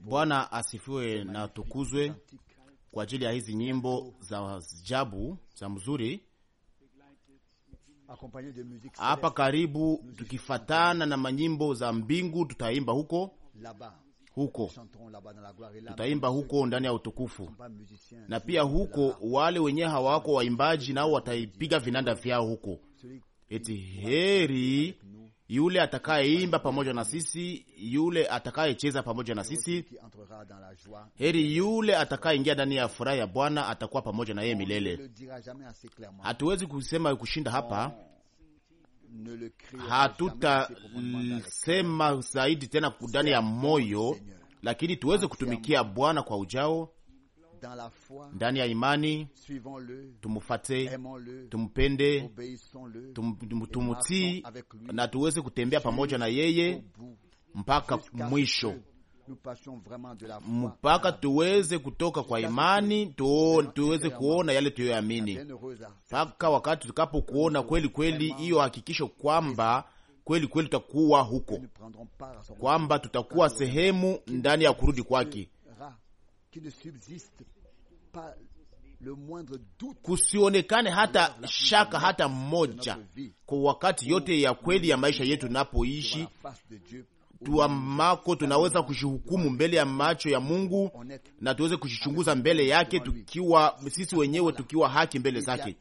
Bwana asifiwe na tukuzwe kwa ajili ya hizi nyimbo za jabu za mzuri hapa karibu, tukifatana na manyimbo za mbingu, tutaimba huko huko, tutaimba huko ndani ya utukufu. Na pia huko wale wenye hawako waimbaji, nao wataipiga vinanda vyao huko, eti heri yule atakayeimba pamoja na sisi, yule atakayecheza pamoja na sisi. Heri yule atakayeingia ndani ya furaha ya Bwana, atakuwa pamoja na yeye milele. Hatuwezi kusema kushinda hapa, hatutasema zaidi tena ndani ya moyo, lakini tuweze kutumikia Bwana kwa ujao ndani ya imani, tumufate, tumpende, tumutii na tuweze kutembea pamoja na yeye mpaka mwisho mpaka tuweze kutoka kwa imani tu, tuweze kuona yale tuyoamini, mpaka wakati kuona kweli kweli hiyo hakikisho kwamba kweli kweli tutakuwa huko, kwamba tutakuwa sehemu ndani ya kurudi kwake, kusionekane hata shaka hata moja kwa wakati yote ya kweli ya maisha yetu napoishi tuamako tunaweza kujihukumu mbele ya macho ya Mungu na tuweze kujichunguza mbele yake, tukiwa sisi wenyewe tukiwa haki mbele zake.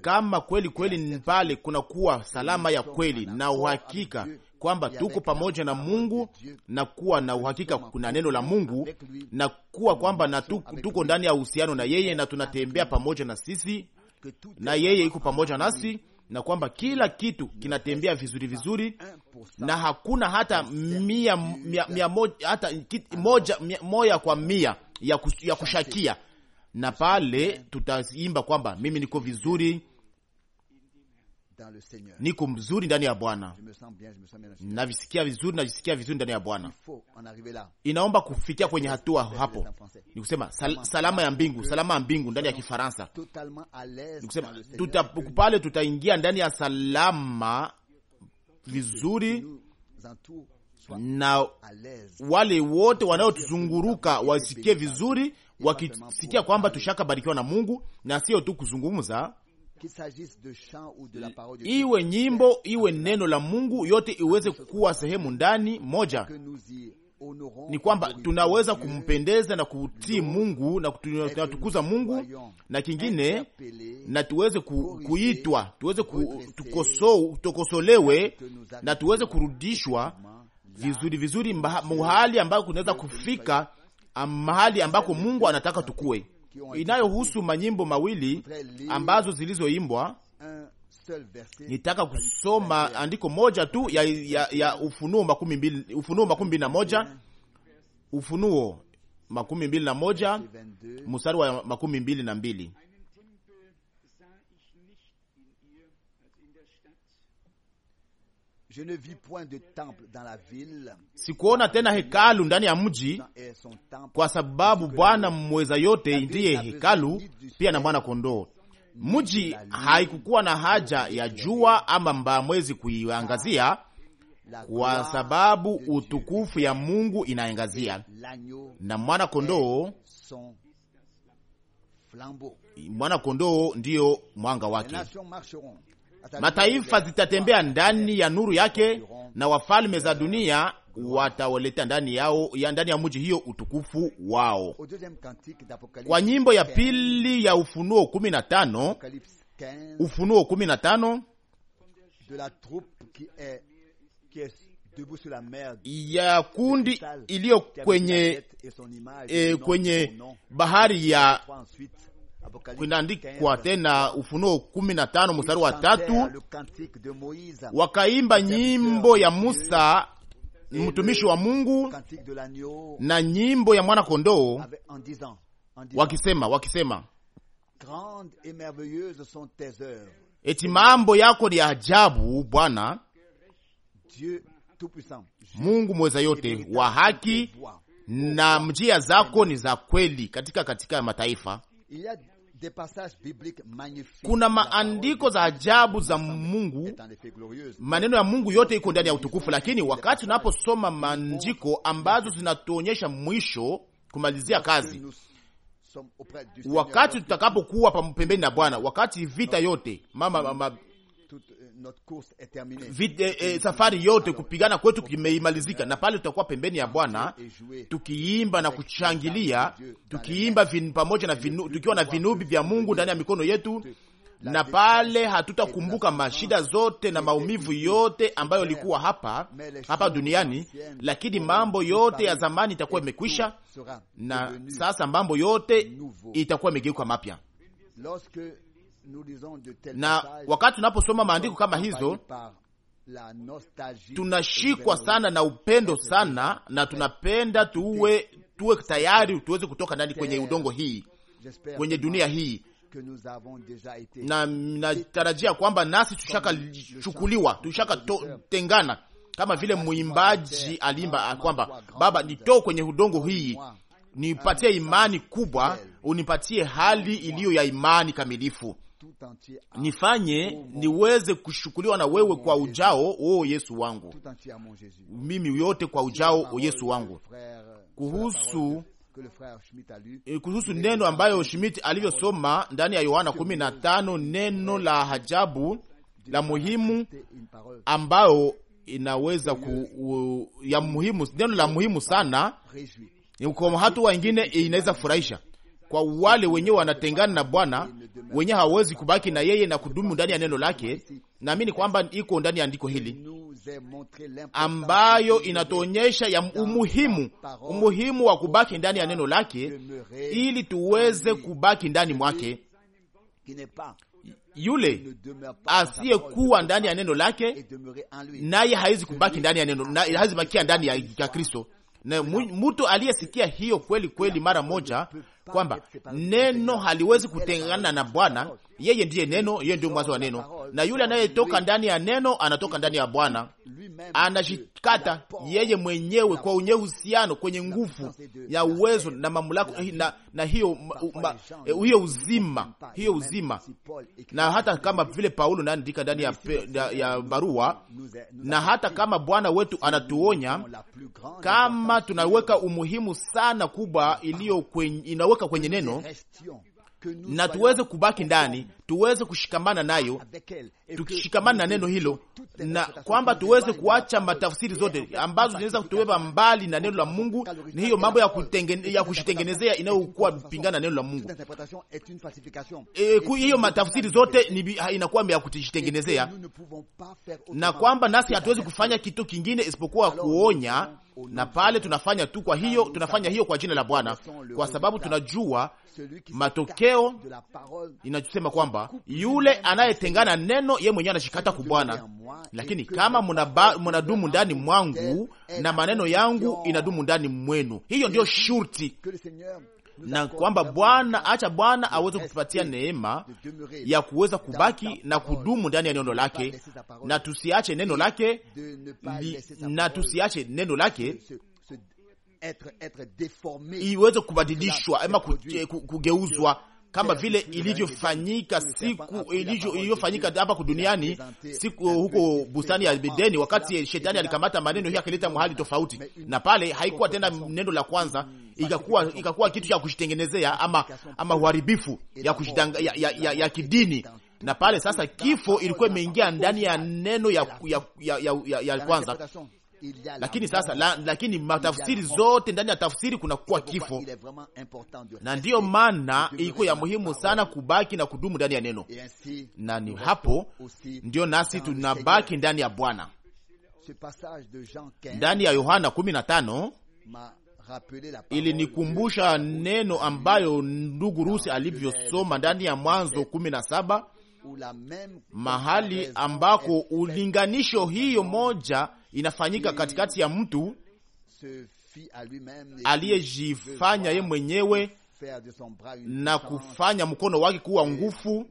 Kama kweli kweli pale kunakuwa salama ya kweli na uhakika kwamba tuko pamoja na Mungu na kuwa na uhakika kuna neno la Mungu na kuwa kwamba na tuko ndani ya uhusiano na yeye na tunatembea pamoja na sisi na yeye iko pamoja nasi na kwamba kila kitu kinatembea vizuri vizuri, na hakuna hata mia, mia, mia moja, hata kit, moja, mia, moja kwa mia ya kushakia. Na pale tutaimba kwamba mimi niko vizuri, niko mzuri ndani ya Bwana, navisikia vizuri, navisikia vizuri ndani ya Bwana. Inaomba kufikia kwenye hatua hapo, ni kusema sal, salama ya mbingu, salama ya mbingu ndani ya Kifaransa, ni kusema tuta, pale tutaingia ndani ya salama vizuri na wale wote wanaotuzunguruka wasikie vizuri, wakisikia kwamba tushaka barikiwa na Mungu na sio tu kuzungumza iwe nyimbo, iwe neno la Mungu, yote iweze kuwa sehemu ndani moja ni kwamba tunaweza kumpendeza na kutii Mungu na kutukuza Mungu, na kingine na tuweze ku, kuitwa tuweze ku, tukoso, tukosolewe na tuweze kurudishwa vizuri vizuri mahali ambako tunaweza kufika, mahali ambako Mungu anataka tukue inayohusu manyimbo mawili ambazo zilizoimbwa. Nitaka kusoma andiko moja tu ya, ya, ya Ufunuo makumi mbili, Ufunuo makumi mbili na moja Ufunuo makumi mbili na moja mstari wa makumi mbili na mbili sikuona tena hekalu ndani ya mji, kwa sababu Bwana mweza yote ndiye hekalu pia na mwana kondoo. Mji haikukuwa na haja ya jua ama mbaa mwezi kuiangazia, kwa sababu utukufu ya Mungu inaangazia na mwana kondoo mwana kondoo ndiyo mwanga wake mataifa zitatembea ndani ya nuru yake, na wafalme za dunia wataoleta ndani yao ya ndani ya mji hiyo utukufu wao. Kwa nyimbo ya pili ya Ufunuo 15, Ufunuo 15 ya kundi iliyo kwenye, e, kwenye bahari ya kunaandikwa tena Ufunuo kumi na tano mstari wa tatu wakaimba nyimbo ya Musa mtumishi wa Mungu na nyimbo ya mwana kondoo wakisema wakisema eti mambo yako ni ajabu Bwana Mungu mweza yote wa haki, na njia zako ni za kweli katika katika mataifa kuna maandiko za ajabu za Mungu, maneno ya Mungu yote iko ndani ya utukufu. Lakini wakati tunaposoma maandiko ambazo zinatuonyesha mwisho kumalizia kazi, wakati tutakapokuwa pembeni na Bwana, wakati vita yote mama, mama Eh, eh, safari yote kupigana kwetu kimeimalizika, na pale tutakuwa pembeni ya Bwana tukiimba na kuchangilia, tukiimba pamoja na vinu, tukiwa na vinubi vya Mungu ndani ya mikono yetu, na pale hatutakumbuka mashida zote na maumivu yote ambayo likuwa hapa hapa duniani, lakini mambo yote ya zamani itakuwa imekwisha, na sasa mambo yote itakuwa imegeuka mapya na wakati tunaposoma maandiko kama hizo tunashikwa sana na upendo sana, na tunapenda tuwe tuwe tayari tuweze kutoka ndani kwenye udongo hii kwenye dunia hii, na natarajia kwamba nasi tushakachukuliwa tushakatengana, kama vile mwimbaji alimba kwamba Baba nitoo kwenye udongo hii, nipatie imani kubwa, unipatie hali iliyo ya imani kamilifu nifanye niweze kushukuliwa na wewe kwa ujao, o Yesu wangu, mimi yote kwa ujao, o Yesu wangu. Kuhusu eh, kuhusu neno ambayo Schmidt alivyosoma ndani ya Yohana 15 neno la hajabu la muhimu ambayo inaweza ku, u, ya muhimu, neno la muhimu sana kwa hatua ingine inaweza furahisha kwa wale wenyewe wanatengana na Bwana wenye hawawezi kubaki na yeye na kudumu ndani ya neno lake. Naamini kwamba iko ndani ya andiko hili ambayo inatuonyesha ya umuhimu umuhimu wa kubaki ndani ya neno lake ili tuweze kubaki ndani mwake. Yule asiyekuwa ndani ya neno lake naye hawezi kubaki ndani ya neno, hawezi bakia ndani ya Kristo. Na mtu aliyesikia hiyo kweli kweli mara moja kwamba neno haliwezi kutengana na Bwana, yeye ndiye neno, yeye ndio mwanzo wa neno, na yule anayetoka ndani ya neno anatoka ndani ya Bwana, anajikata yeye mwenyewe kwa unye uhusiano kwenye nguvu ya uwezo na mamlaka eh, na, na hiyo, ma, uh, hiyo uzima hiyo uzima. Na hata kama vile Paulo naandika ndani ya, ya, ya barua, na hata kama Bwana wetu anatuonya kama tunaweka umuhimu sana kubwa iliyo inaweka kwenye neno na tuweze kubaki ndani tuweze kushikamana nayo, tukishikamana na neno hilo, na kwamba tuweze kuacha matafsiri zote ambazo zinaweza kutuweka mbali na neno la Mungu, eh, ni hiyo mambo ya kutengene, ya kushitengenezea inayokuwa pingana na neno la Mungu. E, hiyo matafsiri zote ni inakuwa ya kutishitengenezea, na kwamba nasi hatuwezi kufanya kitu kingine isipokuwa kuonya na pale tunafanya tu. Kwa hiyo tunafanya hiyo kwa jina la Bwana, kwa sababu tunajua matokeo inasema kwamba yule anayetengana neno ye mwenyewe anashikata ku Bwana. Lakini kama munadumu ndani mwangu na maneno yangu inadumu ndani mwenu, hiyo ndiyo shurti na kwamba Bwana acha Bwana aweze kutupatia neema ya kuweza kubaki na kudumu ndani ya neno lake, na tusiache neno lake li, na tusiache neno lake iweze kubadilishwa ama kugeuzwa kama vile ilivyofanyika siku iliyofanyika hapa duniani siku huko bustani ya Edeni, wakati shetani alikamata maneno hiyo akileta mahali tofauti, na pale haikuwa tena neno la kwanza, ikakuwa ikakuwa kitu cha kujitengenezea ama ama uharibifu ya, ya, ya, ya, ya kidini na pale sasa kifo ilikuwa imeingia ndani ya neno ya, ya, ya, ya, ya, ya kwanza lakini sasa la, lakini matafsiri zote ndani ya tafsiri kunakuwa kifo, na ndiyo maana iko ya muhimu sana kubaki na kudumu ndani ya neno, na ni hapo ndiyo nasi tunabaki ndani ya Bwana. Ndani ya Yohana 15 ilinikumbusha neno ambayo ndugu Rusi alivyosoma ndani ya Mwanzo kumi na saba mahali ambako ulinganisho hiyo moja inafanyika katikati ya mtu aliyejifanya ye mwenyewe na kufanya mkono wake kuwa nguvu.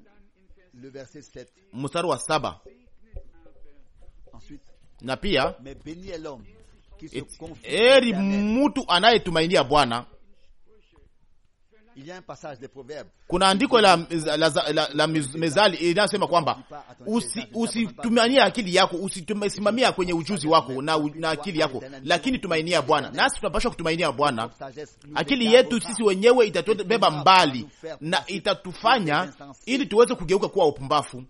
Mstari wa saba na pia heri mtu anayetumainia Bwana kuna andiko la, la, la, la, la mezali inayosema kwamba usitumanie usi akili yako, usisimamia kwenye ujuzi wako na, na akili yako, lakini tumainia Bwana. Nasi tunapashwa kutumainia Bwana. Akili yetu sisi wenyewe itatubeba mbali na itatufanya ili tuweze kugeuka kuwa upumbafu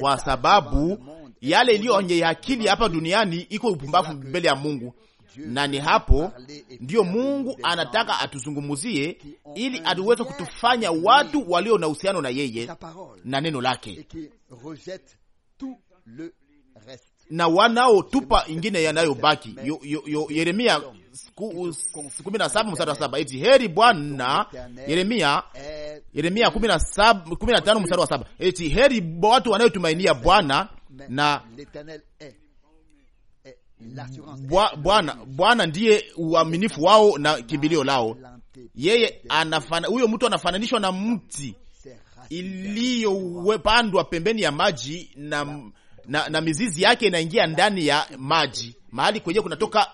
kwa sababu yale iliyo enye akili hapa duniani iko upumbavu mbele ya Mungu na ni hapo ndiyo Mungu anataka atuzungumuzie, ili atuweze kutufanya watu walio na uhusiano na yeye na neno lake na wanaotupa ingine yanayobaki. Yeremia kumi na saba mstari wa saba eti heri Bwana. Yeremia Yeremia kumi na tano mstari wa saba eti heri watu wanayotumainia Bwana na Bwana Bwana ndiye uaminifu wao na kimbilio lao. Yeye anafana, huyo mtu anafananishwa na mti iliyopandwa pembeni ya maji na, na, na mizizi yake inaingia ndani ya maji mahali kwenye kunatoka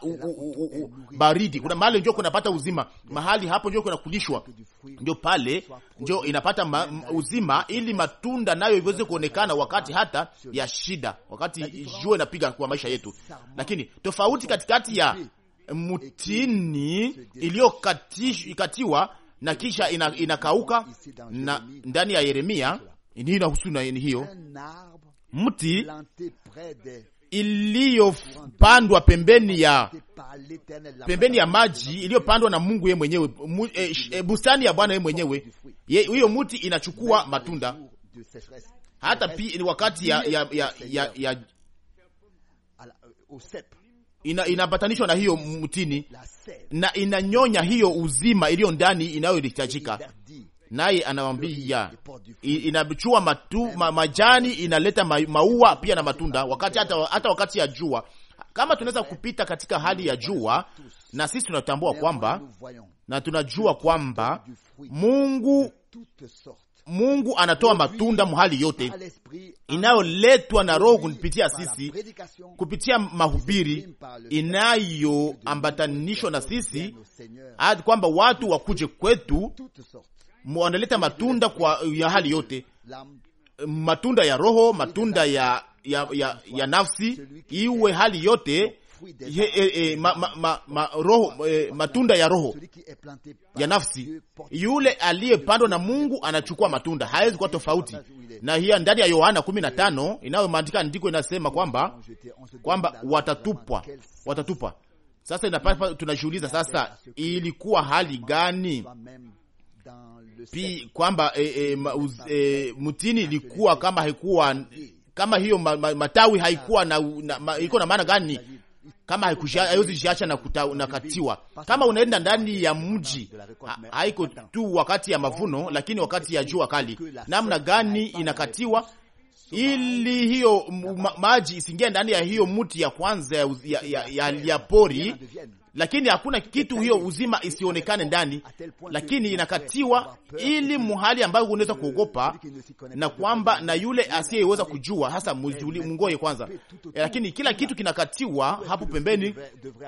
baridi, kuna mahali ndio kunapata uzima, mahali hapo ndio kunakulishwa, ndio pale ndio inapata ma, uzima, ili matunda nayo iweze kuonekana wakati hata ya shida, wakati jua inapiga kwa maisha yetu. Lakini tofauti katikati ya mtini iliyokatiwa na kisha inakauka ina na ndani ya Yeremia inahusu ni hiyo mti iliyopandwa pembeni ya pembeni ya maji iliyopandwa na Mungu yeye mwenyewe mu, eh, eh, bustani ya Bwana yeye mwenyewe. Hiyo muti inachukua matunda hata pi, wakati ya, ya, ya, ya, ya ina, inapatanishwa na hiyo mtini na inanyonya hiyo uzima iliyo ndani inayohitajika naye anawambia inachua ma, majani inaleta ma, maua pia na matunda wakati hata, hata wakati ya jua. Kama tunaweza kupita katika hali ya jua, na sisi tunatambua kwamba na tunajua kwamba Mungu Mungu anatoa matunda mhali yote inayoletwa na Roho kupitia sisi, kupitia mahubiri inayoambatanishwa na sisi, hadi kwamba watu wakuje kwetu wanaleta matunda kwa ya hali yote, matunda ya roho, matunda ya ya, ya, ya nafsi, iwe hali yote ye, e, e, ma, ma, ma, ma, roho, e, matunda ya roho ya nafsi. Yule aliyepandwa na Mungu anachukua matunda, hawezi kuwa tofauti na hiyo. Ndani ya Yohana 15 inayomaandika andiko inasema kwamba kwamba watatupwa, watatupwa. Sasa inapaswa tunajiuliza, sasa ilikuwa hali gani pi, kwamba e, e, e, mtini ilikuwa kama haikuwa kama hiyo ma, ma, matawi haikuwa na, na ma, iko na maana gani kama haiwezi na nakatiwa. Kama unaenda ndani ya mji haiko tu wakati ya mavuno, lakini wakati ya jua kali, namna gani inakatiwa ili hiyo maji isingie ndani ya hiyo mti ya kwanza ya, ya, ya, ya, ya pori lakini hakuna kitu hiyo uzima isionekane ndani, lakini inakatiwa ili muhali ambayo unaweza kuogopa na kwamba na yule asiyeweza kujua hasa mungoye kwanza, eh, lakini kila kitu kinakatiwa hapo pembeni.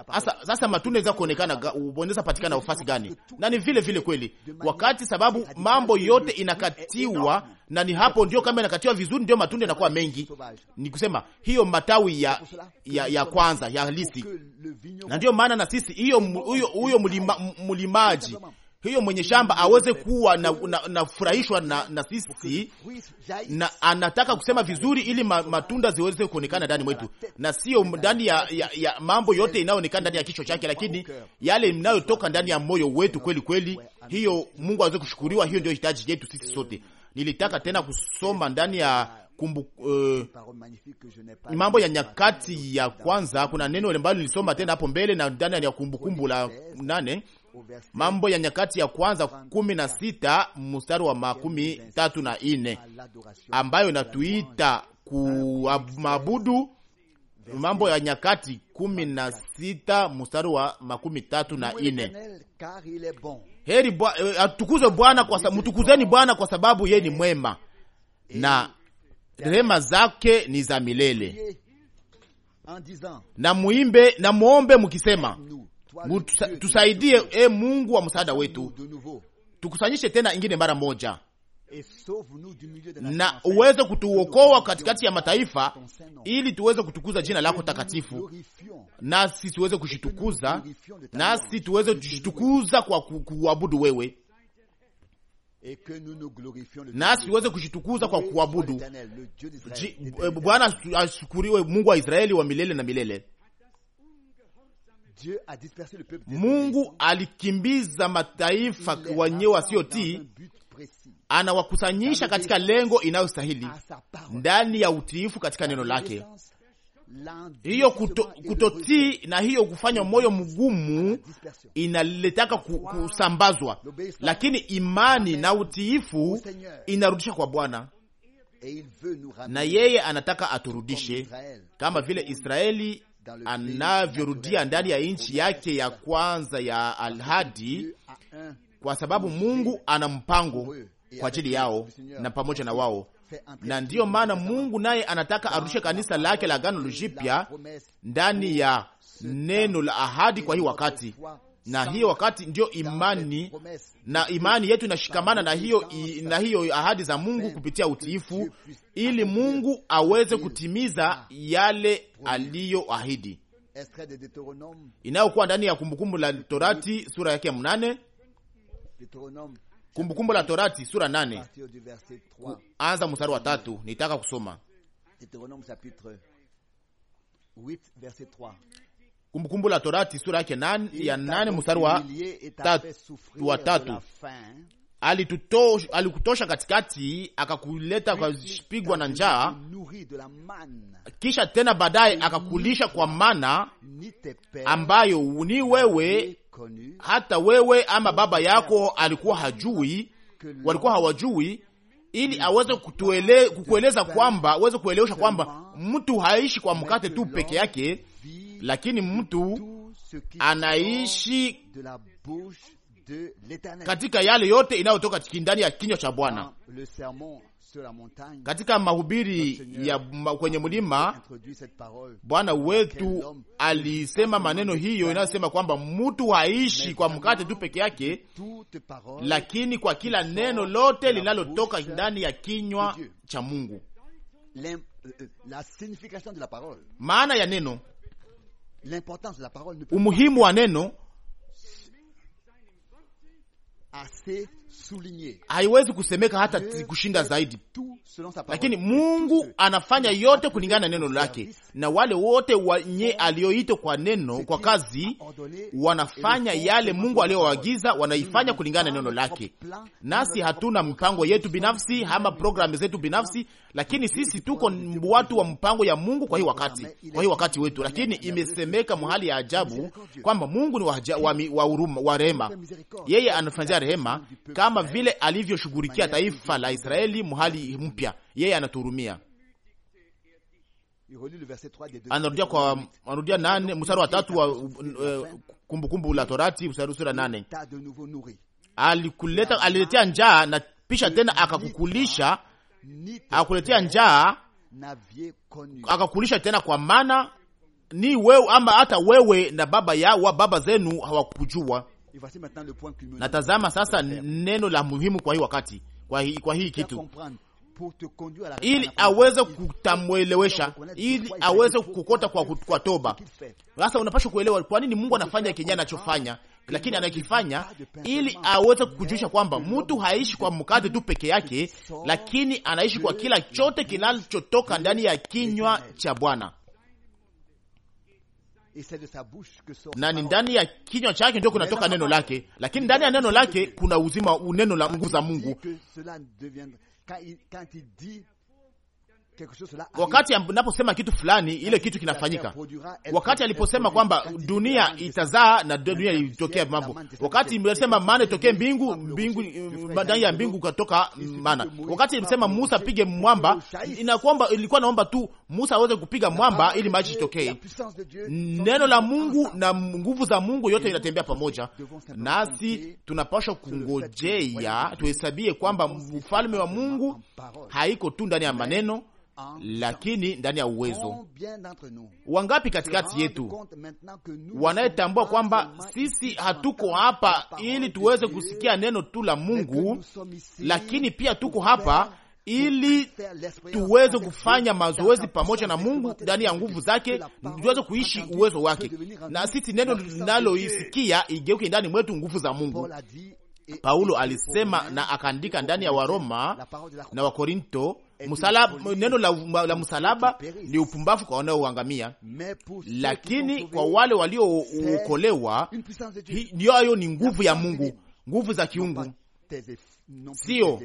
Hasa sasa matunda inaweza kuonekana, unaweza patikana nafasi gani? Na ni vile vile kweli wakati, sababu mambo yote inakatiwa na ni hapo ndio kama inakatiwa vizuri, ndio matunda yanakuwa mengi. Ni kusema hiyo matawi ya ya, ya kwanza ya halisi, na ndio maana na sisi hiyo huyo mlima, mlimaji hiyo mwenye shamba aweze kuwa nafurahishwa na, na, na, na sisi na anataka kusema vizuri, ili ma, matunda ziweze kuonekana ndani mwetu na sio ndani ya, ya, ya mambo yote inayoonekana ndani ya kichwa chake, lakini yale mnayotoka ndani ya moyo wetu kweli kweli, hiyo Mungu aweze kushukuriwa. Hiyo ndio hitaji yetu sisi sote nilitaka tena kusoma ndani ya ah, kumbu, uh, mambo ya nyakati ya kwanza. Kuna neno ambalo nilisoma tena hapo mbele na ndani ya kumbukumbu la nane mambo ya nyakati ya kwanza kumi na sita mstari wa makumi tatu na ine ambayo inatuita kuabudu. Mambo ya nyakati kumi na sita mstari wa makumi tatu na ine Heri bwa, eh, atukuzwe Bwana kwa, mtukuzeni Bwana kwa sababu yeye ni mwema na rehema zake ni za milele. Na muimbe na muombe mkisema, tusaidie, e Mungu wa msaada wetu, tukusanyishe tena ingine mara moja na uweze kutuokoa katikati ya mataifa, ili tuweze kutukuza jina lako takatifu, nasi tuweze kushitukuza, nasi tuweze kushitukuza kwa kuabudu wewe nasi tuweze kushitukuza kwa kuabudu eh, Bwana. Ashukuriwe Mungu wa Israeli wa milele na milele. Mungu alikimbiza mataifa wenyewe wasiotii anawakusanyisha katika lengo inayostahili ndani ya utiifu katika neno lake. Hiyo kuto, kutotii na hiyo kufanya moyo mgumu inaletaka kusambazwa, lakini imani na utiifu oh, inarudisha kwa Bwana na yeye anataka aturudishe kama vile Israeli anavyorudia ndani ya nchi yake ya kwanza ya alhadi kwa sababu Mungu ana mpango kwa ajili yao na pamoja na wao, na ndiyo maana Mungu naye anataka arudishe kanisa lake la Agano lujipya ndani ya neno la ahadi kwa hii wakati na hiyo wakati ndiyo imani na imani yetu inashikamana na hiyo, na hiyo ahadi za Mungu kupitia utiifu, ili Mungu aweze kutimiza yale aliyoahidi inayokuwa ndani ya Kumbukumbu la Torati sura yake ya mnane Kumbukumbu la Torati sura nane anza mstari wa tatu. Nitaka kusoma Kumbukumbu kumbu la Torati sura yake nane, ya nane mstari wa tatu alikutosha katikati, akakuleta akapigwa na njaa, kisha tena baadaye akakulisha kwa mana ambayo ni wewe hata wewe ama baba yako alikuwa hajui, walikuwa hawajui, ili aweze kutuele, kukueleza kwamba aweze kuelewesha kwamba mtu haishi kwa mkate tu peke yake, lakini mtu anaishi katika yale yote inayotoka ndani ya kinywa cha Bwana. Katika mahubiri ya kwenye mlima, Bwana wetu alisema maneno hiyo inayosema kwamba mtu haishi kwa mkate tu peke yake, lakini kwa kila neno lote linalotoka ndani ya kinywa cha Mungu. Euh, euh, Maana ya neno, umuhimu wa neno a ser haiwezi kusemeka hata kushinda zaidi, lakini Mungu anafanya yote oh, kulingana na neno lake, na wale wote wenye aliyoita kwa neno kwa kazi wanafanya yale Mungu aliyoagiza, wanaifanya kulingana na neno lake. Nasi hatuna mpango yetu binafsi ama programu zetu binafsi, lakini sisi tuko watu wa mpango ya Mungu kwa hii wakati, kwa hii wakati wetu. Lakini imesemeka mahali ya ajabu kwamba Mungu ni wa, wa, wa, wa rehema, yeye anafanyia rehema kama vile alivyoshughulikia taifa la Israeli mhali mpya, yeye anatuhurumia. Anarudia kwa anarudia nane mstari wa tatu wa uh, kumbukumbu kumbu la Torati mstari sura nane alikuleta aliletea njaa na pisha tena akakukulisha, akakuletea njaa akakulisha tena, kwa maana ni wewe ama hata wewe na baba wa baba zenu hawakujua. Natazama sasa neno la muhimu kwa hii wakati, kwa hii, kwa hii kitu ili aweze kutamwelewesha, ili aweze kukota kwa, kwa toba. Sasa unapaswa kuelewa kwa nini Mungu anafanya kenye anachofanya, lakini anakifanya ili aweze kujulisha kwamba mtu haishi kwa mkate tu peke yake, lakini anaishi kwa kila chote kinachotoka ndani ya kinywa cha Bwana na ni ndani ya kinywa chake ndio kunatoka neno lake, lakini ndani ya neno lake kuna uzima, neno la nguvu za Mungu Wakati anaposema kitu fulani, ile kitu kinafanyika. Wakati aliposema kwamba dunia itazaa na dunia itokea mambo, wakati imesema mana itokee mbingu, mbingu ndani ya mbingu katoka mana. Wakati alisema Musa pige mwamba, inakwamba ilikuwa naomba tu Musa aweze kupiga mwamba ili maji itokee. Neno la Mungu na nguvu za Mungu yote inatembea pamoja nasi, tunapashwa kungojea tuhesabie kwamba ufalme wa Mungu haiko tu ndani ya maneno lakini ndani ya uwezo. Wangapi katikati yetu wanayetambua kwamba sisi hatuko hapa ili tuweze kusikia neno tu la Mungu, lakini pia tuko hapa ili tuweze kufanya mazoezi pamoja na Mungu ndani ya nguvu zake, tuweze kuishi uwezo wake, na sisi neno linaloisikia igeuke ndani mwetu nguvu za Mungu. Paulo alisema na akaandika ndani ya Waroma na Wakorinto msalaba, neno la, la msalaba ni upumbavu kwa wanaoangamia, lakini kwa wale waliookolewa, hayo ni nguvu ya Mungu, nguvu za kiungu Sio,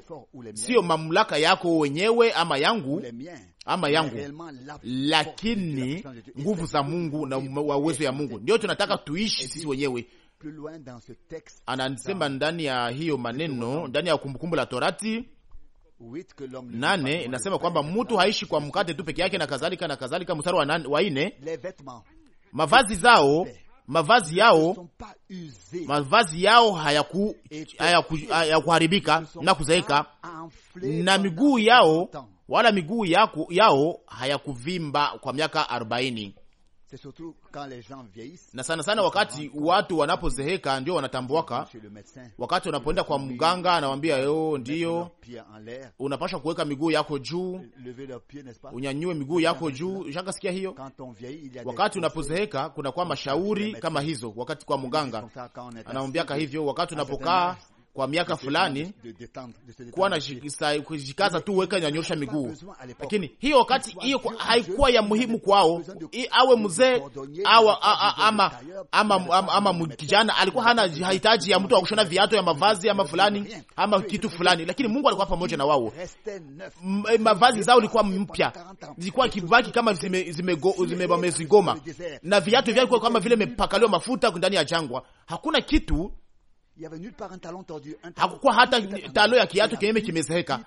sio mamlaka yako wenyewe ama yangu ama yangu, lakini nguvu za Mungu na uwezo ya Mungu ndio tunataka tuishi sisi wenyewe. Anasema ndani ya hiyo maneno, ndani ya Kumbukumbu la Torati nane inasema kwamba mtu haishi kwa mkate tu peke yake na kadhalika na kadhalika. Mstari wa nane wa nne, mavazi zao mavazi yao mavazi yao hayakuharibika hayaku, na kuzeeka na miguu yao wala miguu yao hayakuvimba kwa miaka arobaini na sana sana wakati watu wanapozeheka ndio wanatambuaka. Wakati wanapoenda kwa mganga, anawambia yo, oh, ndio unapashwa kuweka miguu yako juu, unyanyue miguu yako juu. Shakasikia hiyo, wakati unapozeheka kunakuwa mashauri kama hizo, wakati kwa mganga anawambiaka hivyo, wakati unapokaa kwa miaka fulani kuwa na kujikaza tu weka nyanyosha miguu, lakini hiyo wakati hiyo haikuwa ya muhimu kwao. Awe mzee ama ama kijana, alikuwa hana hahitaji ya mtu akushona viatu ya mavazi ama fulani ama kitu fulani, lakini Mungu alikuwa pamoja na wao. Eh, mavazi zao ilikuwa mpya, zilikuwa kibaki kama zimezigoma, na viatu vyao kama vile mepakaliwa mafuta ndani ya jangwa. Hakuna kitu hakukuwa hata talo ya kiatu kinyeme kimezeeka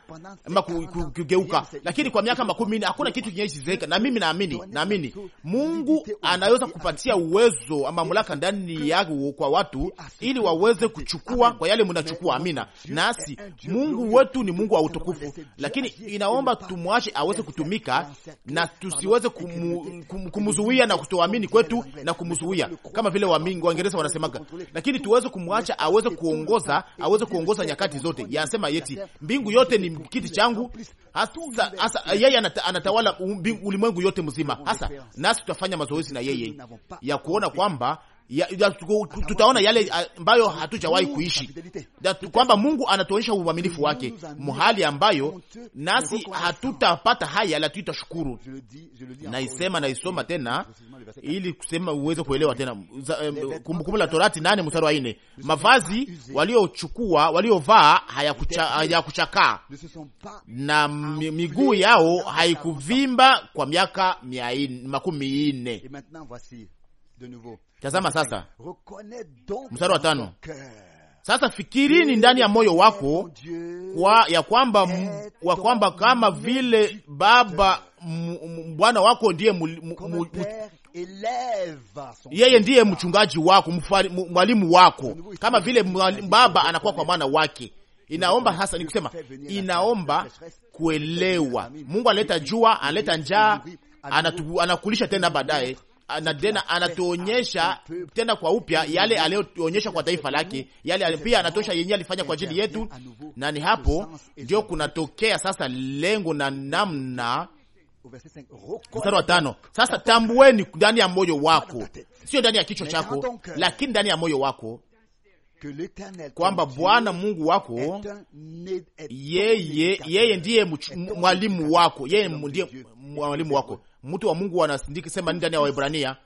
ama kugeuka, lakini kwa miaka makumi nne hakuna kitu kenyewe kizeeka. Na mimi naamini, naamini Mungu anaweza kupatia uwezo ama mamlaka ndani yao kwa watu ili waweze kuchukua kwa yale mnachukua. Amina, nasi Mungu wetu ni Mungu wa utukufu, lakini inaomba tumwache aweze kutumika na tusiweze kumu, kum, kumzuia na kutoamini kwetu na kumzuia kama vile Wamingi Waingereza wanasemaga, lakini tuweze kumwacha aweze aweze kuongoza, aweze kuongoza nyakati zote. Yasema yeti mbingu yote ni kiti changu, hasa hasa yeye anatawala ulimwengu yote mzima. Hasa nasi tutafanya mazoezi na yeye ya kuona kwamba ya, ya, tutaona yale ambayo hatujawahi kuishi, kwamba Mungu anatuonyesha uaminifu wake mhali ambayo nasi hatutapata haya, lakini tutashukuru. Naisema, naisoma tena ili kusema uweze kuelewa tena. Kumbukumbu la Torati nane mstari wa nne mavazi waliochukua waliovaa hayakuchakaa na miguu yao haikuvimba kwa miaka makumi nne. Tazama sasa mstari wa tano. Sasa fikirini ndani ya moyo wako kwa, ya kwamba wa kwamba kama vile baba bwana wako ndiye yeye ndiye mchungaji wako, mwalimu wako, kama vile baba anakuwa kwa mwana wake. Inaomba hasa ni kusema, inaomba kuelewa. Mungu analeta jua, analeta njaa, anakulisha tena baadaye Ah, na tena anatuonyesha tena kwa upya yale aliyoonyesha kwa taifa lake, yale pia anatosha yenyewe alifanya kwa ajili yetu, na ni hapo ndio kunatokea sasa lengo na namna Mstari wa tano. Sasa tambueni ndani ya moyo wako, sio ndani ya kichwa chako, lakini ndani ya moyo wako kwamba Bwana Mungu wako yeye, yeye ndiye mwalimu wako, yeye ndiye mwalimu wako mtu wa Mungu anasema ndani ya Waebrania,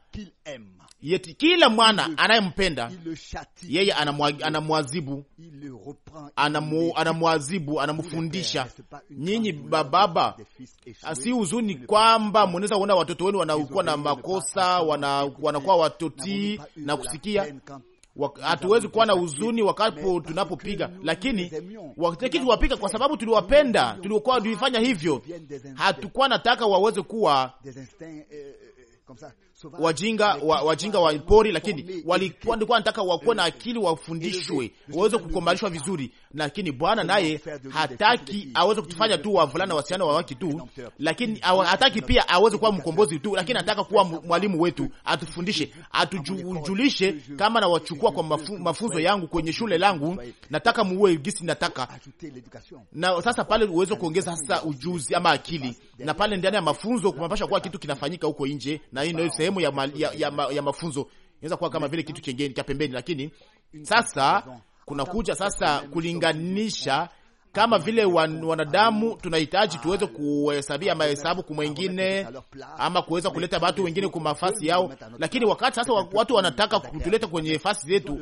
yeti kila mwana anayempenda yeye anamwazibu, anamwazibu, anamfundisha. Nyinyi bababa, si huzuni kwamba mnaweza kuona watoto wenu wanakuwa na makosa, wanakuwa watoti na kusikia hatuwezi kuwa na huzuni wakapo tunapopiga, lakini wakati tuwapiga kwa sababu tuliwapenda, tulikuwa tulifanya hivyo, hatukuwa nataka waweze kuwa wajinga wa, wajinga wa pori, lakini walikuwa wanataka wakuwe na akili, wafundishwe waweze kukomalishwa vizuri, lakini Bwana naye hataki aweze kutufanya tu wavulana wasichana wawaki tu, lakini hataki pia aweze kuwa mkombozi tu, lakini anataka kuwa mwalimu wetu, atufundishe, atujulishe kama nawachukua kwa mafu, mafunzo yangu kwenye shule langu, nataka muue gisi nataka na sasa pale uweze kuongeza sasa ujuzi ama akili na pale ndani ya mafunzo kumapasha kuwa kitu kinafanyika huko nje, na hii ndio sehemu ya, ma, ya, ya, ma, ya mafunzo inaweza kuwa kama vile kitu kingine cha pembeni, lakini sasa kunakuja sasa kulinganisha kama vile wan, wanadamu tunahitaji tuweze kuhesabia mahesabu kumwengine ama kuweza kuleta watu wengine kwa mafasi yao, lakini wakati sasa watu wanataka kutuleta kwenye nafasi zetu,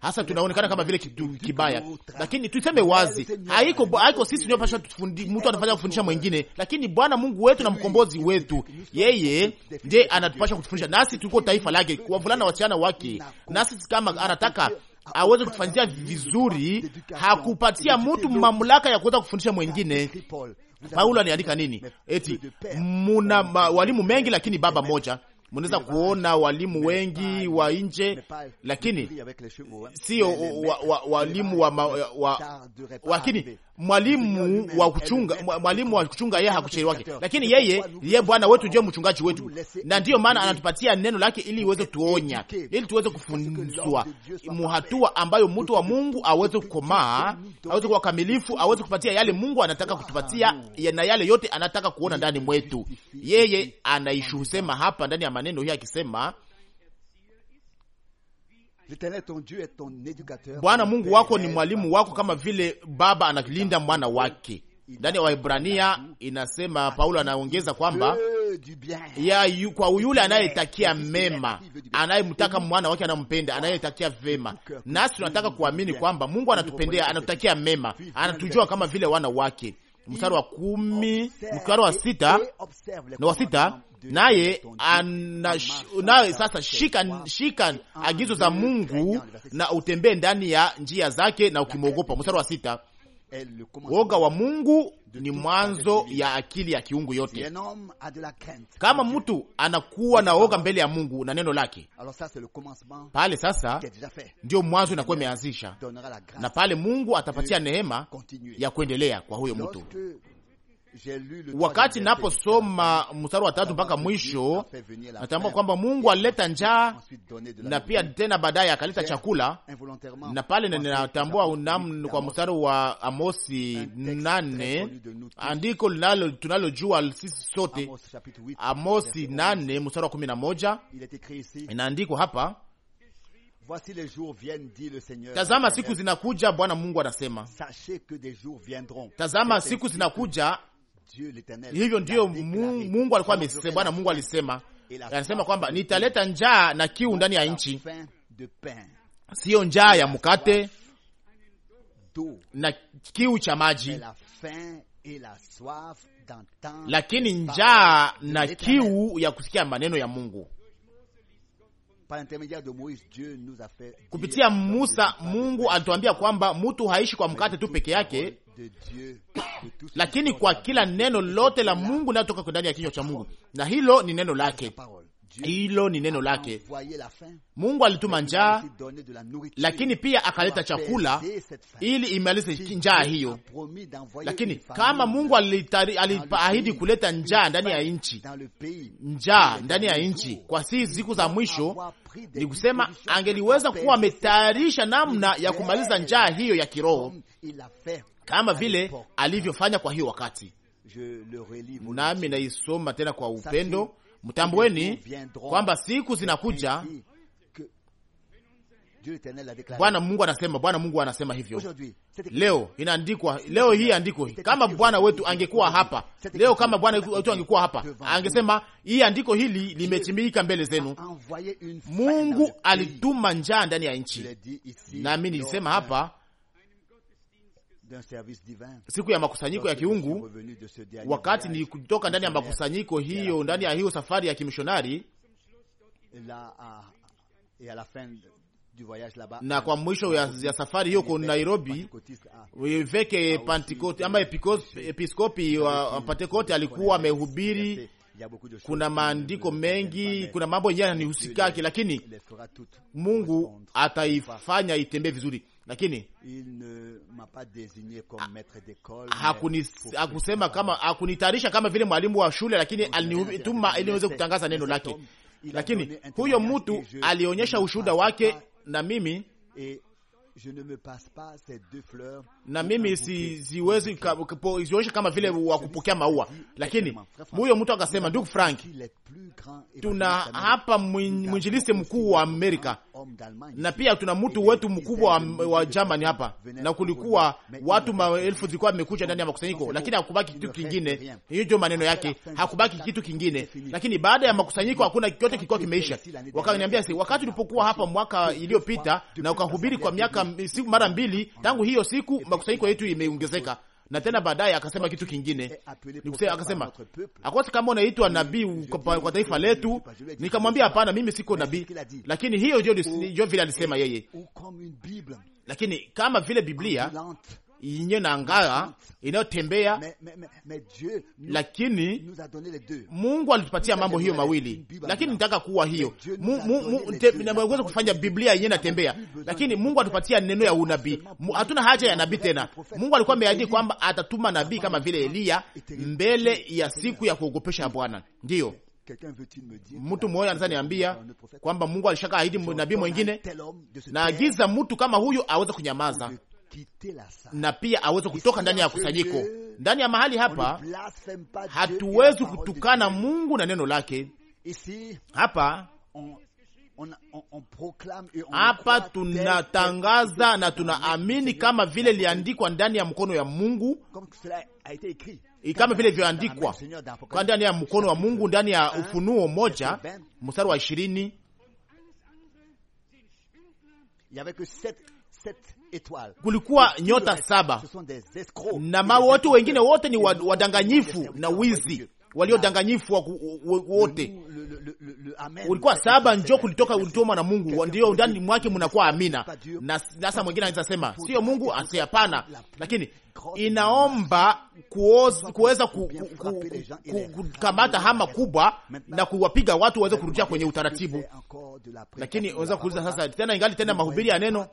hasa tunaonekana kama vile kitu kibaya. Lakini tuseme wazi, haiko haiko sisi ndio pasha tufundi, mtu anafanya kufundisha mwingine, lakini Bwana Mungu wetu na mkombozi wetu, yeye ndiye anatupasha kutufundisha, nasi tuko taifa lake, wavulana na wasichana wake, nasi kama anataka aweze kufanyia vizuri, hakupatia mtu mamlaka ya kuweza kufundisha mwengine. Paulo aliandika nini? Eti muna walimu mengi, lakini baba moja. Mnaweza kuona walimu wengi wa nje, lakini sio walimu wa, wa, wa, wa, wa, wa, wa, wa, wa, wa, wa, wa, wa, wa, mwalimu wa kuchunga, mwalimu wa kuchunga yeye hakuchelewake, lakini yeye ye Bwana wetu ndiye mchungaji wetu, na ndiyo maana anatupatia neno lake ili iweze tuonya, ili tuweze kufunzwa muhatua ambayo mtu wa Mungu aweze kukomaa, aweze kuwa kamilifu, aweze kupatia yale Mungu anataka kutupatia na yale yote anataka kuona ndani mwetu. Yeye anaishuhusema hapa ndani ya maneno hii akisema Bwana Mungu wako ni mwalimu wako, kama vile baba analinda mwana wake. Ndani ya Waebrania inasema, Paulo anaongeza kwamba ya yu, kwa yule anayetakia mema, anayemtaka mwana wake, anampenda, ah, anayetakia vema. Nasi tunataka kuamini kwamba Mungu anatupendea, anatutakia mema, anatujua kama vile wana wake. Mstari wa kumi, mstari wa sita na wa sita naye naye sasa shika, shika agizo za um, Mungu na utembee ndani ya njia zake na ukimwogopa. Mstari wa sita, woga wa Mungu ni mwanzo ya akili ya kiungu yote. Kama mtu anakuwa na woga mbele ya Mungu na neno lake, pale sasa ndio mwanzo inakuwa imeanzisha, na pale Mungu atapatia neema ya kuendelea kwa huyo mtu. Wakati naposoma mstari wa tatu mpaka mwisho, natambua kwamba Mungu alileta njaa na pia tena baadaye akaleta chakula, na pale ninatambua kwa mstari wa Amosi nane andiko linalo tunalojua sisi sote, Amosi nane mstari wa kumi na moja inaandikwa hapa Tazama, siku zinakuja, Bwana Mungu anasema. Tazama, siku zinakuja, hivyo ndiyo Mungu alikuwa amesema. Bwana Mungu alisema, anasema kwamba nitaleta njaa na kiu ndani ya nchi, siyo njaa ya mkate na kiu cha maji, lakini njaa na kiu ya kusikia maneno ya Mungu kupitia Musa Mungu alituambia kwamba mtu haishi kwa mkate tu peke yake, lakini kwa kila neno lote la Mungu linalotoka ndani ya kinywa cha Mungu, na hilo ni neno lake. Hilo ni neno lake. Mungu alituma njaa, lakini pia akaleta chakula ili imalize njaa hiyo. Lakini kama Mungu aliahidi kuleta njaa ndani ya nchi, njaa ndani ya nchi kwa si siku za mwisho, ni kusema angeliweza kuwa ametayarisha namna ya kumaliza njaa hiyo ya kiroho kama vile alivyofanya kwa hiyo wakati. Nami naisoma tena kwa upendo, mtambueni kwamba siku zinakuja Bwana Mungu anasema, Bwana Mungu anasema hivyo leo. Inaandikwa leo hii andiko hii, kama Bwana wetu angekuwa hapa leo, kama Bwana wetu angekuwa hapa, angesema hii andiko hili limetimilika mbele zenu. Mungu alituma njaa ndani ya nchi, nami nilisema hapa siku ya makusanyiko ya kiungu, wakati kutoka ndani ya makusanyiko hiyo, ndani ya hiyo safari ya kimishonari na kwa mwisho ya, ya safari hiyo kuna Nairobi veke Pantikoti ama episkopi wa Pentecost alikuwa amehubiri. Kuna maandiko mengi, kuna mambo yenyewe yanihusikake, lakini Mungu ataifanya itembee vizuri, lakini ah, hakusema kama hakunitarisha kama vile mwalimu wa shule, lakini alinituma ili niweze kutangaza neno lake lakini huyo mtu alionyesha ushuhuda wake na mimi je ne me passe pas ces deux fleurs na mimi siziwezi zionyeshe kama vile wa kupokea maua, lakini huyo mtu akasema, ndugu Frank, tuna hapa mwinjilisi mkuu wa Amerika na pia tuna mtu wetu mkubwa wa, wa Germany hapa, na kulikuwa watu maelfu zilikuwa wamekuja ndani ya makusanyiko, lakini hakubaki kitu kingine. Hiyo ndio maneno yake, hakubaki kitu kingine. Lakini baada ya makusanyiko hakuna kiote kilikuwa kimeisha. Wakaniambia si wakati tulipokuwa hapa mwaka iliyopita na ukahubiri kwa miaka siku mara mbili, tangu hiyo siku makusanyiko yetu imeongezeka na tena baadaye akasema kitu kingine, nikusema akasema, akosi kama unaitwa nabii kwa taifa letu. Nikamwambia hapana, mimi siko nabii, lakini hiyo ndio vile alisema yeye, lakini kama vile Biblia yenye na ngara inayotembea, lakini Mungu alitupatia mambo hiyo mawili, lakini nitaka kuwa hiyo naweza kufanya Biblia yenye natembea, lakini Mungu alitupatia neno ya unabii. Hatuna haja ya nabii tena. Mungu alikuwa ameahidi kwamba atatuma nabii kama vile Eliya mbele ya siku ya kuogopesha Bwana. Ndiyo mtu mmoja anaweza niambia kwamba Mungu alishaka ahidi nabii mwengine, naagiza mtu kama huyo aweze kunyamaza na pia aweze kutoka ndani ya kusanyiko. Ndani ya mahali hapa hatuwezi kutukana Mungu na neno lake. Hapa hapa tunatangaza na tunaamini kama vile liandikwa ndani ya mkono ya Mungu, kama vile vyoandikwa kwa ndani ya mkono wa Mungu, ndani ya Ufunuo moja mstari wa ishirini kulikuwa nyota saba na ma watu wengine wote ni wadanganyifu na wizi waliodanganyifu ah. wote. Ulikuwa saba njo kulitoka ulitumwa na Mungu, ndio ndani mwake mnakuwa amina. Na sasa mwingine anaweza sema sio Mungu asi, hapana, lakini inaomba kuweza kukamata hama kubwa na kuwapiga watu waweze kurudia kwenye utaratibu. Lakini waweza kuuliza sasa tena, ingali tena mahubiri ya neno,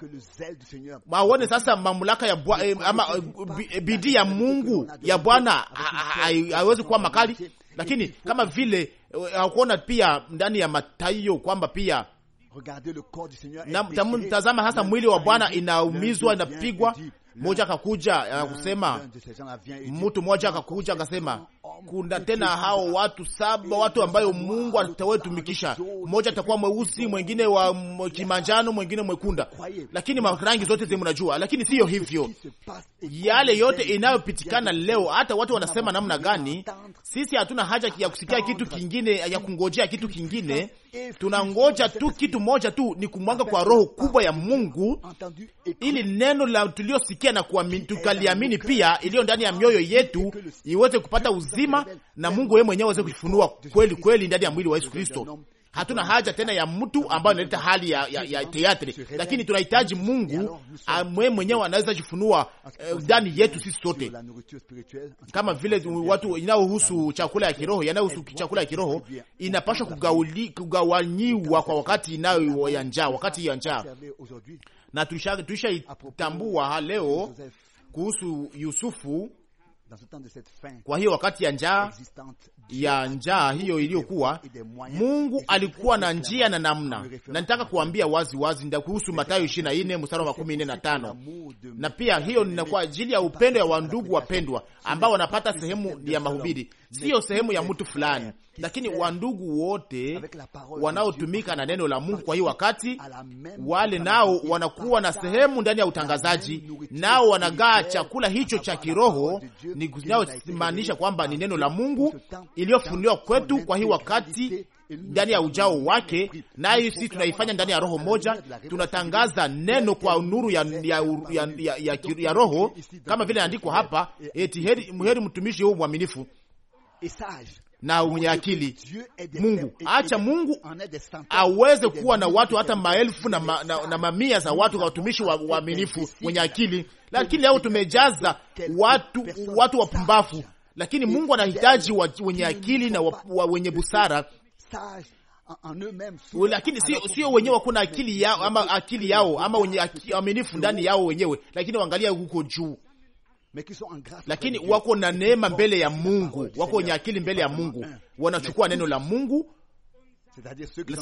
maone sasa mamlaka ya eh, ama eh, eh, bidii ya Mungu ya Bwana haiwezi kuwa makali, lakini kama vile hakuona pia ndani ya Matayo kwamba pia tazama hasa mwili wa Bwana inaumizwa inapigwa, moja akakuja akakusema, eh, mtu mmoja akakuja akasema, kuna tena hao watu saba, watu ambayo Mungu atawetumikisha. Mmoja atakuwa mweusi, mwengine wa kimanjano, mwengine mwekunda, lakini marangi zote zimnajua, lakini siyo hivyo yale yote inayopitikana leo. Hata watu wanasema namna gani, sisi hatuna haja ya kusikia kitu kingine, ya kungojea kitu kingine. Tunangoja tu kitu moja tu, ni kumwanga kwa roho kubwa ya Mungu, ili neno la tuliosikia na tukaliamini pia, iliyo ndani ya mioyo yetu iweze kupata uzima, na Mungu yeye mwenyewe aweze kuifunua kweli kweli ndani ya mwili wa Yesu Kristo. Hatuna haja tena ya mtu ambayo analeta hali ya, ya, ya teatri, lakini tunahitaji Mungu amwe mwenyewe anaweza jifunua eh, ndani eh, yetu sisi sote, kama vile watu inayohusu chakula ya kiroho yanayohusu chakula ya kiroho inapashwa kugawanyiwa kwa wakati inayo ya njaa, wakati ya njaa, na tulishaitambua leo kuhusu Yusufu. Kwa hiyo wakati ya njaa ya njaa hiyo iliyokuwa, Mungu alikuwa na njia na namna, na nitaka kuambia wazi wazi kuhusu Mathayo 24 mstari wa 45. Na pia hiyo ni kwa ajili ya upendo ya wandugu wapendwa, ambao wanapata sehemu ya mahubiri, siyo sehemu ya mtu fulani, lakini wandugu wote wanaotumika na neno la Mungu. Kwa hiyo wakati wale nao wanakuwa na sehemu ndani ya utangazaji, nao wanagaa chakula hicho cha kiroho, ni inayosimaanisha kwamba ni neno la Mungu iliyofunuliwa kwetu. Kwa hiyo wakati ndani ya ujao wake, nayo sisi tunaifanya ndani ya roho moja. Tunatangaza neno kwa nuru ya, ya, ya, ya, ya, ya roho kama vile andiko hapa eti heri, heri mtumishi huyu mwaminifu na mwenye akili Mungu. Acha Mungu aweze kuwa na watu hata maelfu na, ma, na, na mamia za watu watumishi waaminifu wa wenye akili, lakini leo tumejaza watu watu wapumbafu, lakini Mungu anahitaji wenye akili na wa, wa, wenye busara lakini sio sio wenyewe wakuna akili yao ama akili yao ama wenye aminifu ndani yao wenyewe, lakini waangalia huko juu lakini wako na neema mbele ya Mungu, wako wenye akili mbele ya Mungu, wanachukua neno la Mungu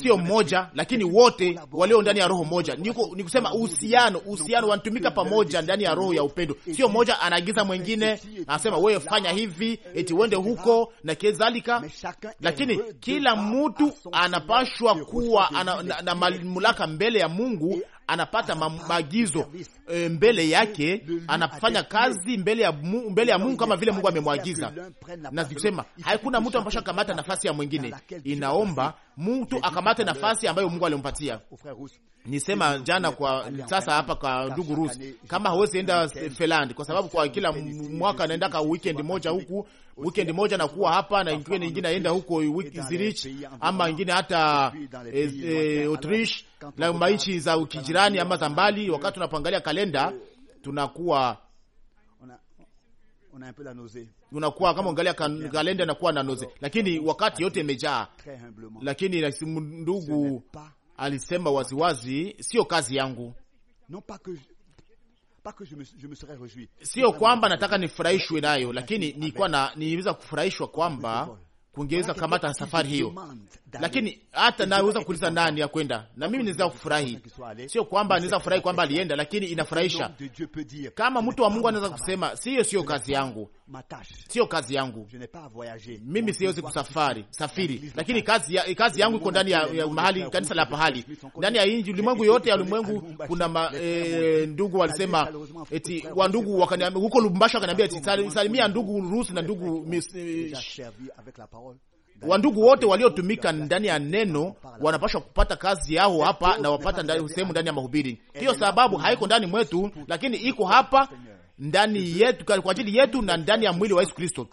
sio mmoja, lakini wote walio ndani ya roho moja. ni kusema uhusiano, uhusiano wanatumika pamoja ndani ya roho ya upendo, sio mmoja anaagiza mwengine, anasema wewe fanya hivi, eti uende huko na kadhalika, lakini kila mtu anapashwa kuwa ana, na, na mamlaka mbele ya Mungu e, anapata maagizo e, mbele yake, anafanya kazi mbele ya, mu, mbele ya Mungu kama vile Mungu amemwagiza. Na zikusema hakuna mtu ambaye akamata nafasi ya mwingine, inaomba mtu akamate nafasi ambayo Mungu alimpatia nisema jana kwa sasa hapa kwa ndugu Rus, kama hawezi enda Finland kwa sababu kwa kila mwaka anaendaka weekend moja huku weekend moja nakuwa hapa na ingine ingine aenda huko Zurich ama ingine hata Autriche na maichi za kijirani ama za mbali. Wakati tunapoangalia kalenda tunakuwa unakuwa kama angalia kalenda inakuwa na noze, lakini wakati yote imejaa. Lakini ndugu alisema waziwazi, sio kazi yangu, sio kwamba nataka nifurahishwe nayo, lakini nilikuwa na niweza kufurahishwa kwamba kungeweza kamata safari hiyo, lakini hata naweza kuuliza nani ya kwenda na mimi niweza kufurahi. Sio kwamba niweza kufurahi kwamba alienda, lakini inafurahisha kama mtu wa Mungu anaweza kusema siyo, siyo kazi yangu, siyo kazi yangu mimi, siwezi kusafari safiri, lakini kazi, ya, kazi yangu iko ndani ya, ya mahali kanisa la pahali ndani ya inji ulimwengu yote ya ulimwengu. Kuna ma, e, ndugu walisema eti wa ndugu wakaniambia huko Lubumbashi, wakaniambia eti salimia ndugu Rusi na ndugu miss, wandugu wote waliotumika ndani ya neno wanapashwa kupata kazi yao hapa na wapata sehemu ndani ya mahubiri. Hiyo sababu haiko ndani mwetu, lakini iko hapa ndani yetu kwa ajili yetu na ndani ya mwili wa Yesu Kristo.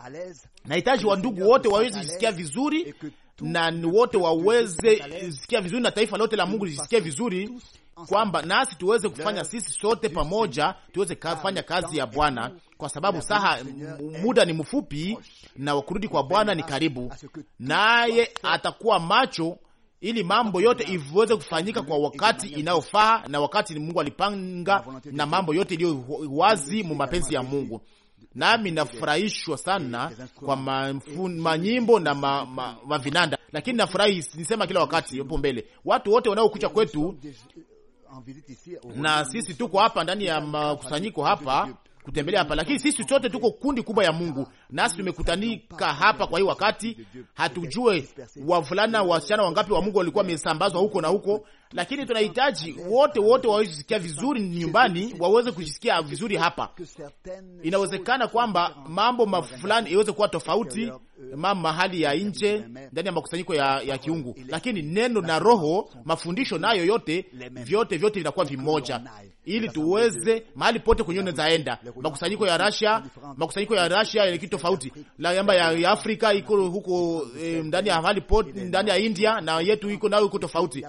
Nahitaji wandugu wote waweze kusikia vizuri na wote waweze jisikia vizuri na taifa lote la Mungu lisikie vizuri kwamba nasi tuweze kufanya sisi sote pamoja tuweze kufanya kazi ya Bwana kwa sababu saha eh, muda ni mfupi, oh, na kurudi kwa Bwana ni karibu, naye atakuwa macho ili mambo yote iweze kufanyika kwa wakati inayofaa na wakati Mungu alipanga, na mambo yote iliyo wazi mu mapenzi ya Mungu. Nami nafurahishwa sana kwa manyimbo na ma, ma, mavinanda, lakini nafurahi nisema kila wakati hapo mbele watu wote wanaokuja kwetu, uh, na sisi tuko hapa ndani ya makusanyiko hapa kutembelea hapa, lakini sisi sote tuko kundi kubwa ya Mungu, nasi tumekutanika hapa kwa hii wakati. Hatujue wavulana wasichana wangapi wa Mungu walikuwa wamesambazwa huko na huko, lakini tunahitaji wote wote waweze kusikia vizuri nyumbani, waweze kujisikia vizuri hapa. Inawezekana kwamba mambo fulani iweze kuwa tofauti mama mahali ya nje ndani ya makusanyiko ya, ya kiungu, lakini neno na roho mafundisho nayo yote vyote vyote vinakuwa vimoja, ili tuweze mahali pote kwenye unazaenda. Makusanyiko ya Russia, makusanyiko ya Russia yana kitu tofauti, la yamba ya Afrika iko huko eh, ndani ya mahali pote, ndani ya India na yetu iko nayo iko tofauti.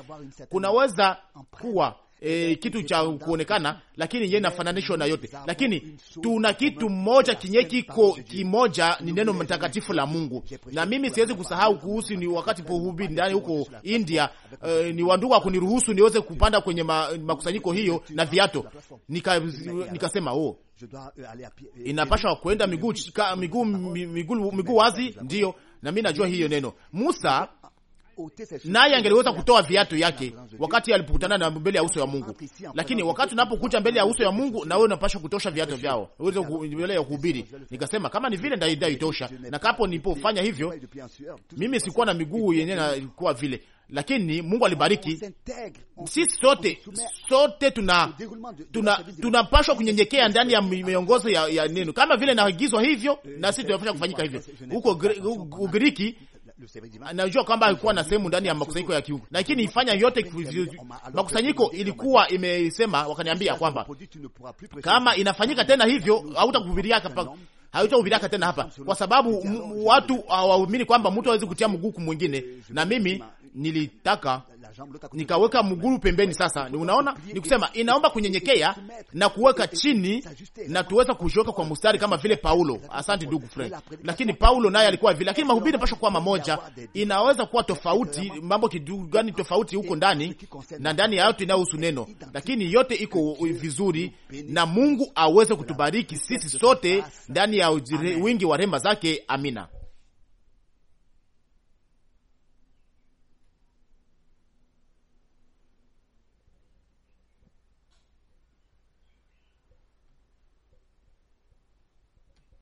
Kuna inaweza kuwa E, kitu cha kuonekana lakini yeye inafananishwa na yote, lakini tuna kitu mmoja kinye kiko kimoja, ni neno mtakatifu la Mungu. Na mimi siwezi kusahau kuhusu ni wakati pohubi ndani huko India, e, ni wandugu akuniruhusu niweze kupanda kwenye ma, makusanyiko hiyo na viato, nikasema nika oh euh, euh, inapashwa kwenda miguu miguu miguu wazi, ndio na mimi najua hiyo neno Musa naye angeliweza kutoa viatu yake wakati alipokutana na mbele ya uso ya Mungu. Lakini wakati unapokuja mbele ya uso ya Mungu, na wewe unapaswa kutosha viatu vyao uweze mbele ya kuhubiri. Nikasema kama ni vile ndio itosha, na kapo nilipofanya hivyo, mimi sikuwa na miguu yenye na kuwa vile lakini Mungu alibariki sisi sote, sote tuna tunapashwa tuna kunyenyekea ndani ya miongozo ya, ya neno kama vile naagizwa hivyo, na sisi tunapaswa kufanyika hivyo. Huko Ugiriki najua kwamba alikuwa na sehemu ndani ya makusanyiko ya kiungu, lakini ifanya yote makusanyiko ilikuwa imesema, wakaniambia kwamba kama inafanyika tena hivyo hautakuhubiria hautahubiliaka tena hapa, kwa sababu watu hawaamini kwamba mtu hawezi kutia mguu mwingine, na mimi nilitaka nikaweka mguru pembeni. Sasa ni unaona, ni kusema inaomba kunyenyekea na kuweka chini, na tuweza kushoweka kwa mustari kama vile Paulo. Asante ndugu Frank, lakini Paulo naye alikuwa vile, lakini mahubiri pasha kuwa mamoja. Inaweza kuwa tofauti mambo kidogo gani tofauti huko ndani na ndani ya yote inayohusu neno, lakini yote iko vizuri, na Mungu aweze kutubariki sisi sote ndani ya wingi wa rehema zake. Amina.